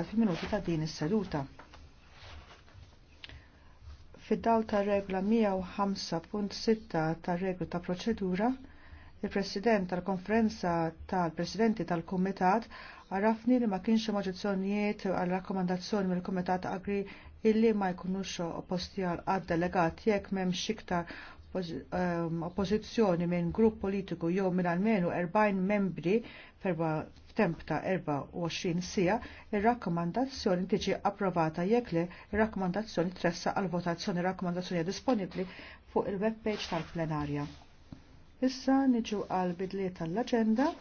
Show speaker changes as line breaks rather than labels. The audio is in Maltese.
għal minuti ta' din is-seduta. Fid-dawl ta' regla 105.6 ta' regla ta' proċedura, il-President tal-Konferenza tal-Presidenti tal-Kumitat għarafni li ma kienx oġġezzjonijiet għal rakkomandazzjoni mill-Kumitat Agri illi ma jkunux opposti għal delegat jekk m'hemmx iktar Ehm, oppożizzjoni minn grupp politiku jew minn almenu 40 membri ferba' f'temp ta' 24 sija, ir-rakkomandazzjoni tiġi approvata jekk li ir-rakkomandazzjoni tressa għal votazzjoni rakkomandazzjoni disponibbli fuq il-webpage tal-plenarja. Issa niġu għal bidliet tal-aġenda.